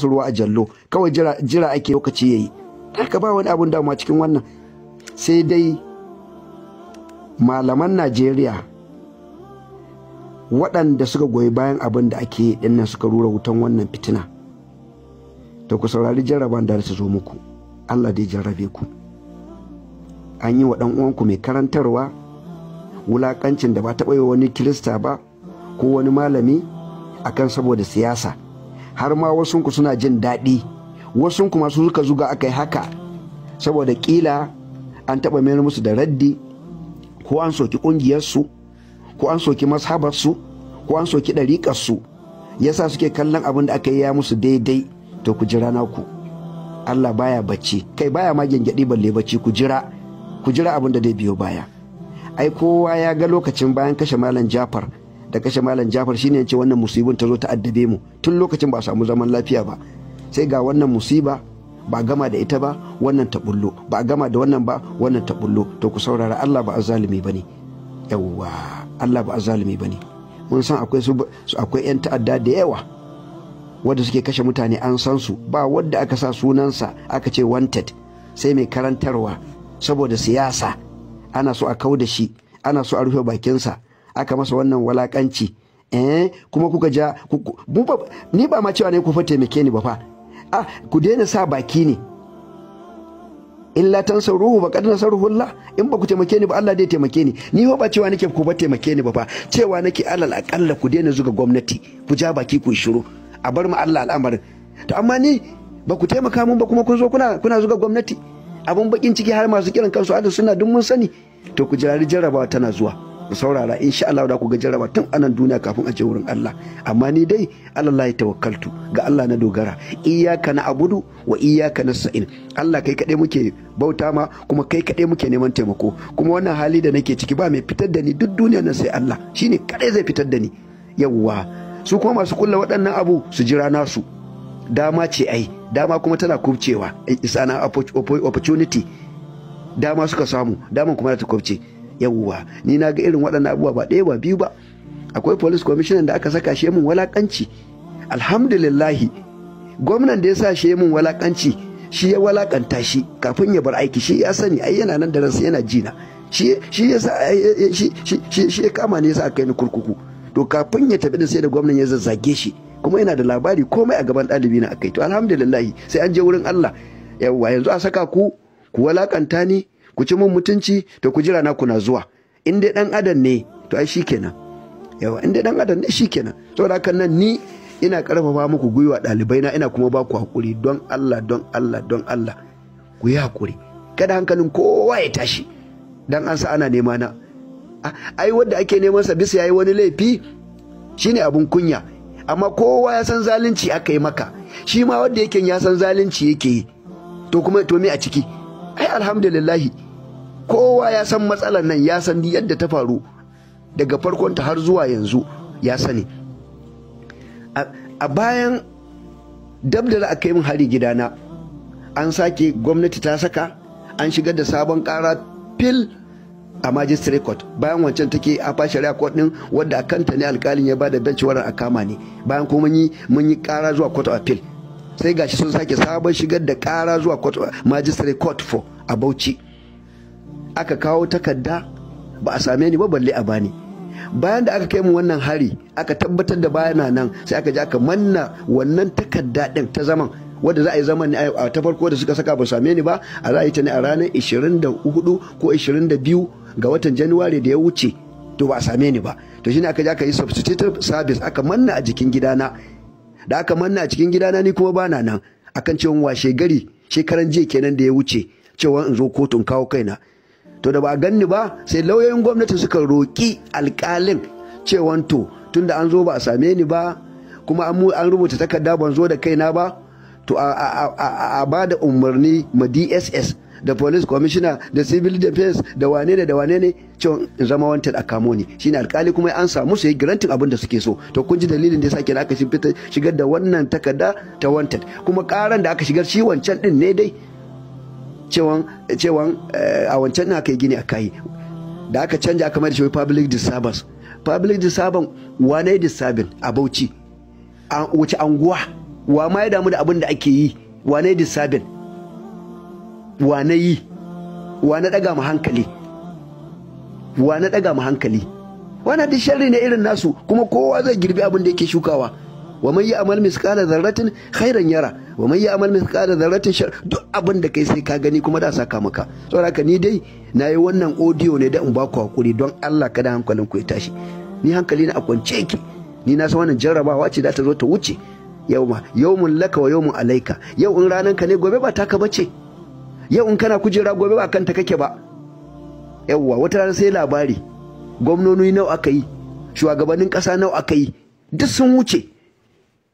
su ruwa a jallo kawai jira jira ake lokaci yayi haka ba wani abun a cikin wannan sai dai malaman Najeriya waɗanda suka goyi bayan abin da ake yi nan suka rura wutan wannan fitina to ku saurari jarraban da su zo muku Allah dai jarrabe ku an yi wa ɗan uwanku mai karantarwa wulakancin da ba taɓa yi wani kirista ba ko wani malami akan saboda siyasa har ma wasunku suna jin daɗi wasunku masu suka zuga aka yi haka saboda ƙila an taɓa mayar musu da raddi ko an soki ƙungiyarsu ko an soki mashabarsu ko an soki ɗariƙarsu yasa suke kallon abin da aka yi ya musu daidai to ku jira naku Allah baya bacci kai baya ma gyangyaɗi balle bacci ku jira ku jira abin da zai biyo baya ai kowa ya ga lokacin bayan kashe malam Jafar da kashe malam jafar shi ya ce wannan musibin ta zo ta addabe mu tun lokacin ba samu zaman lafiya ba sai ga wannan musiba ba gama da ita ba wannan ta bullo ba gama da wannan ba wannan ta to ku saurara Allah ba ba bane yawwa Allah ba ba bane mun san akwai yan ta'adda da yawa wanda suke kashe mutane an san su ba wadda aka sa sunansa aka ce wanted sai mai karantarwa saboda siyasa ana so a kau da shi ana so a rufe bakinsa aka masa wannan walakanci eh kuma kuka ja ni ba ma cewa ne ku fa taimake ni ba fa ah ku daina sa baki ne illa tansuruhu faqad la. in ba ku taimake ni ba Allah zai taimake ni ni ba cewa nake ku ba taimake ni ba fa cewa nake alal akalla ku daina zuga gwamnati ku ja baki ku shiru a bar mu Allah al'amarin to amma ni ba ku taimaka mun ba kuma kun zo kuna kuna zuga gwamnati abun bakin ciki har masu kiran kansu adal suna duk mun sani to ku jirari jarrabawa tana zuwa ku saurara sha Allah da ku ga jarraba tun anan duniya kafin a je wurin Allah amma ni dai Allah ta tawakkaltu ga Allah na dogara iyyaka na abudu wa iyyaka nasta'in Allah kai kadai muke bauta ma kuma kai kaɗai muke neman taimako kuma wannan hali da nake ciki ba mai fitar da ni duk duniya nan sai Allah shine kaɗai zai fitar da ni yawwa su kuma masu kulla waɗannan abu su jira nasu dama ce ai dama kuma tana kubcewa Isana opportunity dama suka samu dama kuma ta kubce yawwa ni na ga irin waɗannan abubuwa ba ɗaya ba biyu ba akwai police commissioner da aka saka shi mun walakanci alhamdulillahi gwamnan da ya sa shi mun walakanci shi ya walakanta shi kafin ya bar aiki shi ya sani ai yana nan da ransa yana jina shi ya sa shi ya kama ne ya sa aka yi kurkuku to kafin ya tafi da sai da gwamnan ya zazzage shi kuma yana da labari komai a gaban ɗalibi na akai to alhamdulillahi sai an je wurin Allah yawwa yanzu a saka ku ku walakanta ni ku ci mun mutunci to ku jira na zuwa in dai dan adam ne to ai shikenan yawa in dai dan adam ne shikenan saboda haka nan ni ina karfafa muku gwiwa ɗalibai na ina kuma ba ku hakuri don Allah don Allah don Allah ku yi hakuri kada hankalin kowa ya tashi dan an sa ana nema na ai wanda ake neman sa bisa yayi wani laifi shine abun kunya amma kowa ya san zalunci aka yi maka shi ma wanda yake ya san zalunci yake yi to kuma to me a ciki ai alhamdulillah. kowa ya san matsalar nan ya san yadda ta faru daga farkonta har zuwa yanzu ya sani a bayan dabdala a aka min hari gidana an sake gwamnati ta saka an shigar da sabon kara fil a magistrate court bayan wancan take a fa shari'a court din wadda a kanta ne alkalin ya bada bench warrant a kama ne bayan kuma mun yi mun yi kara zuwa court of appeal sai gashi sun sake sabon shigar da kara zuwa court magistrate court for a Bauchi aka kawo takarda ba a same ni ba balle a bani bayan da aka kai mu wannan hari aka tabbatar da bayana nan sai aka ji aka manna wannan takarda din ta zaman wanda za a yi zaman a ta farko da suka saka ba same ni ba a za a yi ta ne a ranar 24 ko 22 ga watan januwari da ya wuce to ba a same ni ba to shine aka ji aka yi substitute service aka manna a jikin gidana da aka manna a cikin gidana ni kuma bana nan akan cewa washe gari shekaran jiya kenan da ya wuce cewa in zo kotu in kawo kaina to da ba a ganni ba sai lauyoyin gwamnati suka roƙi alƙalin cewan to tunda an zo ba a same ni ba kuma an rubuta takarda ban zo da kaina ba to a ba da umarni ma dss da police commissioner da civil defense da wane ne da wane ne cewa in zama wanted a kamo ne shine alkali kuma an samu su yi granting abin da suke so to kun ji dalilin da yasa kenan aka shigar da wannan takarda ta wanted kuma karan da aka shigar shi wancan din ne dai cewan eh, a wancan na kai gini a kai da aka canja aka mai da shi public disturbance public disturbance wane disturbing a Bauchi wace anguwa wa ma ya damu da abin da ake yi wane disturbing wane yi wane daga mu hankali wane daga mu hankali wane da sharri ne irin nasu kuma kowa zai girbi abin da yake shukawa wa man ya'mal mithqala dharratin khairan yara wa man ya'mal mithqala dharratin shar duk abin da kai sai ka gani kuma da saka maka saboda ka ni dai nayi wannan audio ne da in ba ku hakuri don Allah ka da hankalin ku ya tashi ni hankali na a kwance yake ni na san wannan jarrabawa ce da ta zo ta wuce Yau mun laka wa mun alaika yau in ranan ka ne gobe ba taka bace yau in kana kujera gobe ba kanta kake ba yauwa wata rana sai labari gwamnoni nawa aka yi shugabannin ƙasa nawa aka yi duk sun wuce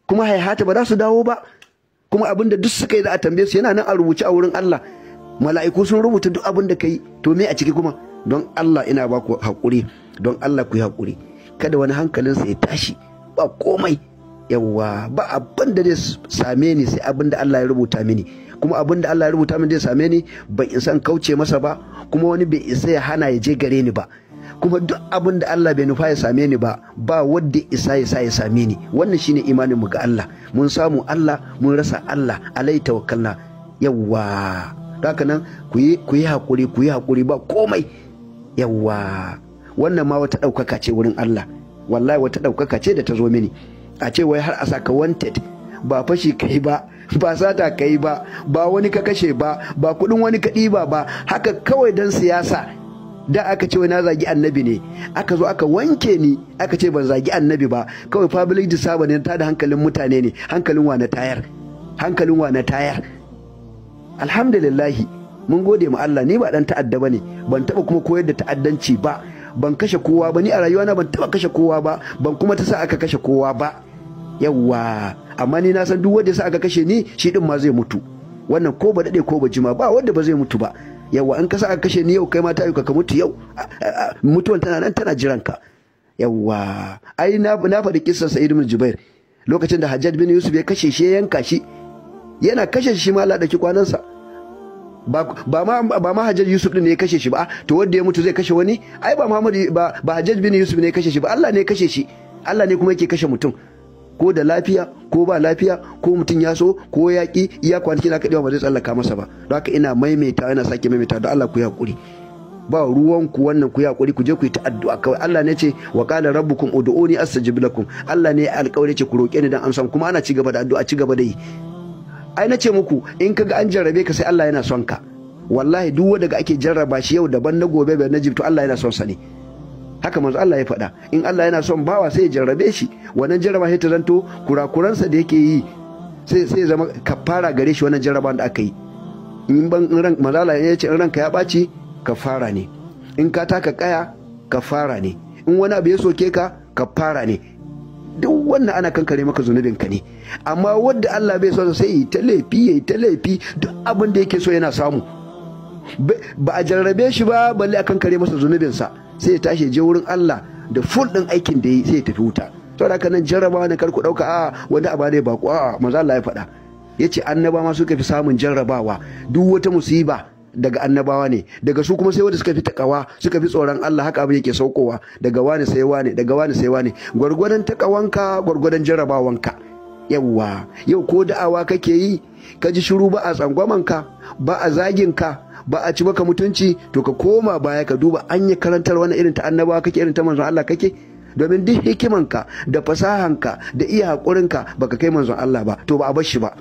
kuma haihata ba za su dawo ba kuma abin da duk suka yi za a tambaye su yana nan a rubuce a wurin Allah mala'iku sun rubuta duk abin da kai to me a ciki kuma don Allah ina ba ku haƙuri don Allah ku yi haƙuri kada wani hankalin sa ya tashi ba komai yawwa ba abin da zai same ni sai abin da Allah ya rubuta mini kuma abin da Allah ya rubuta mini zai same ni ban san kauce masa ba kuma wani bai isa ya hana ya je gare ni ba kuma duk abin da Allah bai nufa ya same ni ba ba wadda isa ya sa ya same ni wannan shine imanin mu ga Allah mun samu Allah mun rasa Allah alai tawakkalna yawwa haka nan ku yi ku yi hakuri ku yi hakuri ba komai yawwa wannan ma wata ɗaukaka ce wurin Allah wallahi wata ɗaukaka ce da ta zo mini a ce wai har a saka wanted ba fashi kai ba ba sata kai ba ba wani ka kashe ba ba kudin wani ka ɗiba ba haka kawai dan siyasa da aka ce wai na zagi annabi ne aka zo aka wanke ni aka ce ban zagi annabi ba kawai public disaba ne ta da hankalin mutane ne hankalin wa na tayar hankalin wa na tayar alhamdulillahi mun gode ma Allah ni ba dan ta'adda bane ban taba kuma koyar da ta'addanci ba ban kashe kowa ba ni a rayuwana ban taba kashe kowa ba ban kuma ta sa aka kashe kowa ba yawwa amma ni na san duk wanda ya sa aka kashe ni shi din ma zai mutu wannan ko ba dade ko ba jima ba wanda ba zai mutu ba yawa in ka sa aka kashe ni yau kai ma ta ka mutu yau mutuwan tana nan tana jiran ka yawa ai na na faɗi kissar Sa'id ibn Jubair lokacin da Hajjaj bin Yusuf ya kashe shi ya yanka shi yana kashe shi ma la daki kwanansa ba ma ba ma Hajjaj Yusuf ne ya kashe shi ba to wanda ya mutu zai kashe wani ai ba Muhammad ba ba Hajjaj bin Yusuf ne ya kashe shi ba Allah ne ya kashe shi Allah ne kuma yake kashe mutum ko da lafiya ko ba lafiya ko mutum ya so ko ya ki iya kwanaki na aka ba zai tsallaka masa ba don haka ina maimaita ina sake maimaita da Allah ku yi hakuri ba ruwan ku wannan ku yi hakuri ku je ku yi ta addu'a kawai Allah ne ce wa qala rabbukum ud'uni astajib lakum Allah ne alƙawari ce ku roke ni dan amsan kuma ana ci gaba da addu'a ci gaba da yi ai na ce muku in kaga an jarrabe ka sai Allah yana son ka wallahi duk wanda ake jarraba shi yau daban na gobe bai na to Allah yana son sa ne haka manzo Allah ya faɗa in Allah yana son bawa sai ya jarrabe shi wannan jarraba sai ta zanto kurakuransa da yake yi sai sai zama ka fara gare shi wannan jarraba da aka yi in ban ran mazala ya ce in ranka ya ɓaci ka fara ne in ka taka kaya fara ne in wani abu ya soke ka ka fara ne duk wannan ana kankare maka zunubin ka ne amma wanda Allah bai so sai yi ta laifi yi ta laifi duk abin da yake so yana samu ba a jarrabe shi ba balle a kankare masa zunubinsa sa sai ya tashi je wurin Allah da full din aikin da yi sai ya tafi wuta to da nan jarrabawa ne kar ku dauka a wanda a bane bako a maza Allah ya faɗa yace annaba ma suka fi samun jarrabawa duk wata musiba daga annabawa ne daga su kuma sai wanda suka fi takawa suka fi tsoron Allah haka abin yake saukowa daga wani sai wani daga wani sai wani gwargwadon takawanka gwargwadon jarrabawanka yawwa yau ko da'awa kake yi ka ji shiru ba a tsangwamanka ba a zaginka ba a ci maka mutunci to ka koma baya ka duba an yi karantar wani irin ta annabawa kake irin ta manzon Allah kake domin duk hikimanka da fasahanka da iya haƙurinka baka kai manzon Allah ba to ba a bar shi ba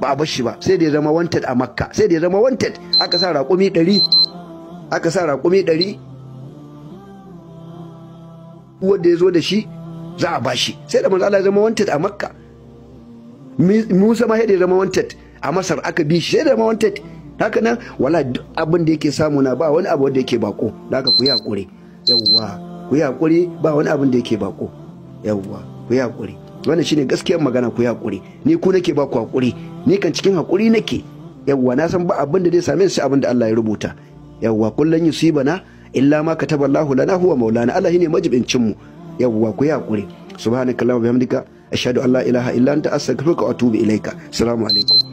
ba a bar shi ba sai da ya zama wanted a makka sai da ya zama wanted aka sa raƙumi ɗari aka sa raƙumi ɗari wanda ya zo da shi za a bashi sai da manzo Allah ya zama wanted a makka Musa ma sai da ya zama wanted a Masar aka bi shi sai da ya zama wanted haka nan wala duk abin da yake samu na ba wani abu da yake bako haka ku yi hakuri yawwa ku yi hakuri ba wani abin da yake bako yawwa ku yi hakuri wannan shine gaskiyar magana ku yi hakuri ni ku nake ba ku hakuri ni kan cikin hakuri nake yawwa na san ba abin da zai same su abin da Allah ya rubuta yawwa kullun yusibana illa ma allahu lana huwa maulana Allah shine majibincin mu yawwa ku yi hakuri subhanakallahumma bihamdika ashhadu an la ilaha illa anta astaghfiruka wa atubu ilaika assalamu alaikum